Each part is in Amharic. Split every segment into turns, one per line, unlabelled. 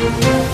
Thank you.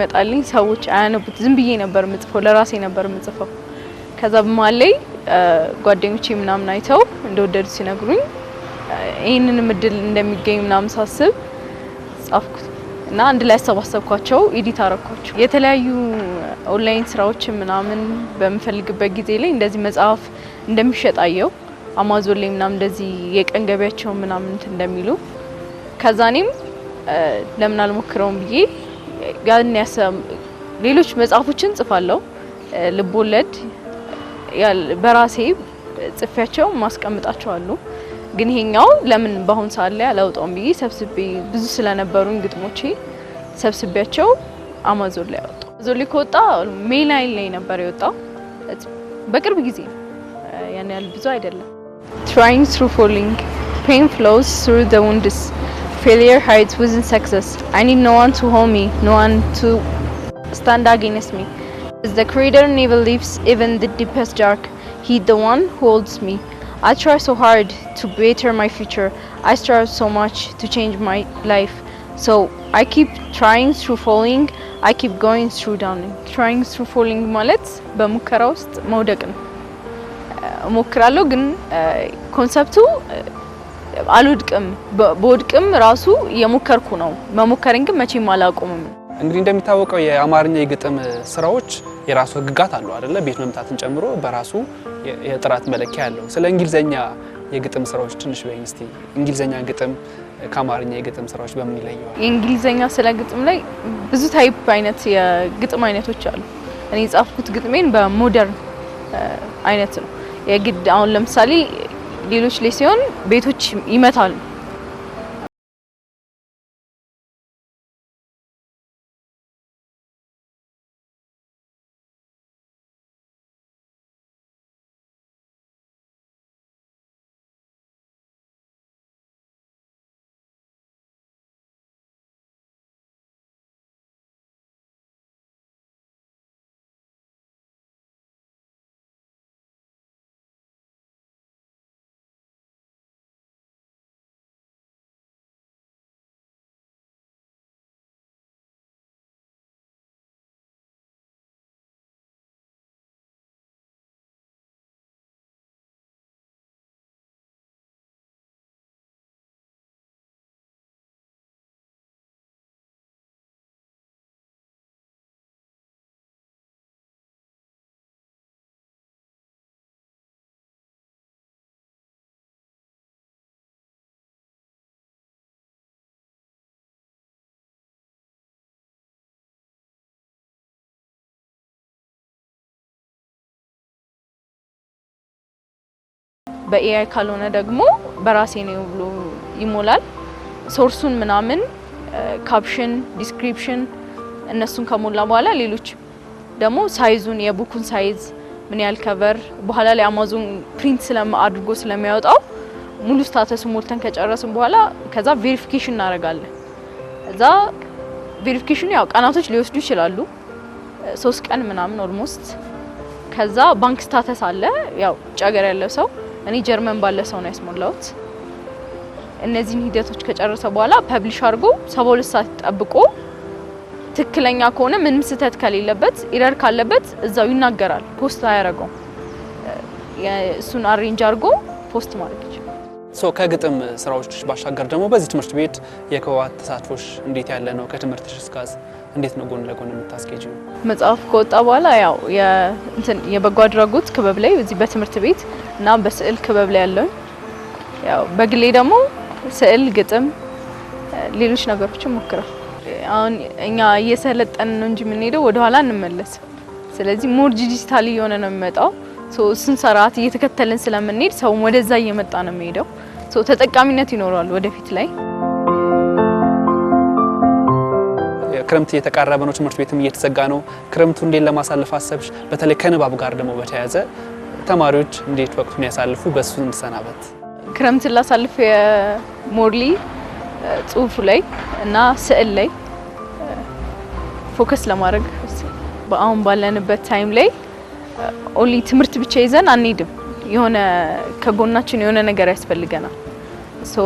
ይመጣልኝ ሰዎች አያነቡት። ዝም ብዬ ነበር የምጽፈው፣ ለራሴ ነበር የምጽፈው። ከዛ በመሃል ላይ ጓደኞቼ ምናምን አይተው እንደወደዱት ሲነግሩኝ ይህንን እድል እንደሚገኝ ምናምን ሳስብ ጻፍኩት እና አንድ ላይ አሰባሰብኳቸው፣ ኤዲት አረኳቸው። የተለያዩ ኦንላይን ስራዎችን ምናምን በምፈልግበት ጊዜ ላይ እንደዚህ መጽሐፍ እንደሚሸጣየው አማዞን ላይ ምናምን እንደዚህ የቀን ገቢያቸውን ምናምን እንደሚሉ ከዛኔም ለምን አልሞክረውም ብዬ ያን ሌሎች መጽሐፎችን ጽፋለሁ። ልቦለድ በራሴ ጽፌያቸው ማስቀምጣቸው አሉ። ግን ይሄኛው ለምን በአሁን ሰዓት ላይ አላውጣውም ብዬ ሰብስቤ ብዙ ስለነበሩኝ ግጥሞቼ ሰብስቤያቸው አማዞን ላይ አወጣሁ። አማዞን ላይ ከወጣ ሜይ ናይን ላይ ነበር የወጣው። በቅርብ ጊዜ ያን ያህል ብዙ አይደለም። ትራይንግ ትሩ ፎሊንግ ፔን ፍሎውስ ትሩ ዘ ውንድስ failure hides within success. I need no one to hold me, no one to stand against me. As the Creator never leaves even the deepest dark, He the one who holds me. I try so hard to better my future. I strive so much to change my life. So I keep trying through falling, I keep going through downing. Trying through falling mullets, but mukarost, መውደቅ ነው። እሞክራለሁ አልወድቅም። በወድቅም ራሱ የሞከርኩ ነው። መሞከርን ግን መቼም አላቆምም።
እንግዲህ እንደሚታወቀው የአማርኛ የግጥም ስራዎች የራሱ ህግጋት አለው አይደለ? ቤት መምታትን ጨምሮ በራሱ የጥራት መለኪያ አለው። ስለ እንግሊዝኛ የግጥም ስራዎች ትንሽ በይኝ እስቲ። እንግሊዘኛ ግጥም ከአማርኛ የግጥም ስራዎች በምን ይለየዋል?
የእንግሊዝኛ ስለ ግጥም ላይ ብዙ ታይፕ አይነት የግጥም አይነቶች አሉ። እኔ የጻፍኩት ግጥሜን በሞደርን አይነት ነው የግድ አሁን ለምሳሌ ሌሎች ላይ ሲሆን ቤቶች ይመታሉ። በኤአይ ካልሆነ ደግሞ በራሴ ነው ብሎ ይሞላል። ሶርሱን ምናምን ካፕሽን፣ ዲስክሪፕሽን እነሱን ከሞላ በኋላ ሌሎች ደግሞ ሳይዙን የቡኩን ሳይዝ ምን ያህል ከቨር በኋላ ላይ አማዞን ፕሪንት አድርጎ ስለሚያወጣው ሙሉ ስታተስ ሞልተን ከጨረስን በኋላ ከዛ ቬሪፊኬሽን እናደርጋለን። እዛ ቬሪፊኬሽኑ ያው ቀናቶች ሊወስዱ ይችላሉ፣ ሶስት ቀን ምናምን ኦልሞስት። ከዛ ባንክ ስታተስ አለ ያው ጫገር ያለው ሰው እኔ ጀርመን ባለ ሰው ነው ያስሞላሁት። እነዚህን ሂደቶች ከጨረሰ በኋላ ፐብሊሽ አድርጎ ሰባ ሁለት ሰዓት ጠብቆ ትክክለኛ ከሆነ ምንም ስህተት ከሌለበት ኢረር ካለበት እዛው ይናገራል። ፖስት አያደርገው እሱን አሬንጅ አድርጎ ፖስት ማድረግ
ይችላል። ከግጥም ስራዎች ባሻገር ደግሞ በዚህ ትምህርት ቤት የከዋት ተሳትፎች እንዴት ያለ ነው? ከትምህርት ሽስካዝ እንዴት ነው ጎን ለጎን የምታስኬጁ?
መጽሐፍ ከወጣ በኋላ ያው የበጎ አድራጎት ክበብ ላይ እዚህ በትምህርት ቤት እና በስዕል ክበብ ላይ ያለውን ያው በግሌ ደግሞ ስዕል፣ ግጥም፣ ሌሎች ነገሮችን ሞክራል። አሁን እኛ እየሰለጠን ነው እንጂ የምንሄደው ወደኋላ እንመለስ። ስለዚህ ሞር ዲጂታል እየሆነ ነው የሚመጣው። እሱን ስርዓት እየተከተልን ስለምንሄድ ሰውም ወደዛ እየመጣ ነው የሚሄደው። ተጠቃሚነት ይኖረዋል ወደፊት ላይ
ክረምት እየተቃረበ ነው፣ ትምህርት ቤትም እየተዘጋ ነው። ክረምቱ እንዴት ለማሳለፍ አሰብሽ? በተለይ ከንባብ ጋር ደግሞ በተያያዘ ተማሪዎች እንዴት ወቅቱን ያሳልፉ? በእሱ እንሰናበት።
ክረምትን ላሳልፍ የሞርሊ ጽሁፉ ላይ እና ስዕል ላይ ፎከስ ለማድረግ አሁን ባለንበት ታይም ላይ ኦንሊ ትምህርት ብቻ ይዘን አንሄድም። የሆነ ከጎናችን የሆነ ነገር ያስፈልገናል። ሶ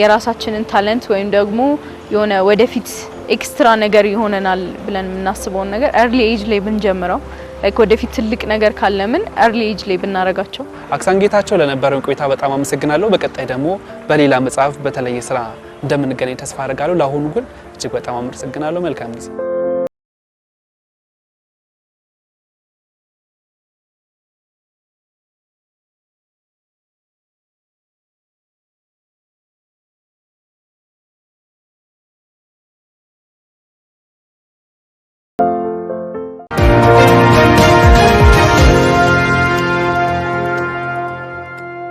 የራሳችንን ታለንት ወይም ደግሞ የሆነ ወደፊት ኤክስትራ ነገር ይሆነናል ብለን የምናስበውን ነገር ኤርሊ ኤጅ ላይ ብንጀምረው ላይክ ወደፊት ትልቅ ነገር ካለምን ኤርሊ ኤጅ ላይ ብናረጋቸው።
አክሳን ጌታቸው ለነበረን ቆይታ በጣም አመሰግናለሁ። በቀጣይ ደግሞ በሌላ መጽሐፍ በተለየ ስራ እንደምንገናኝ ተስፋ አደርጋለሁ። ለአሁኑ ግን እጅግ በጣም አመሰግናለሁ። መልካም ጊዜ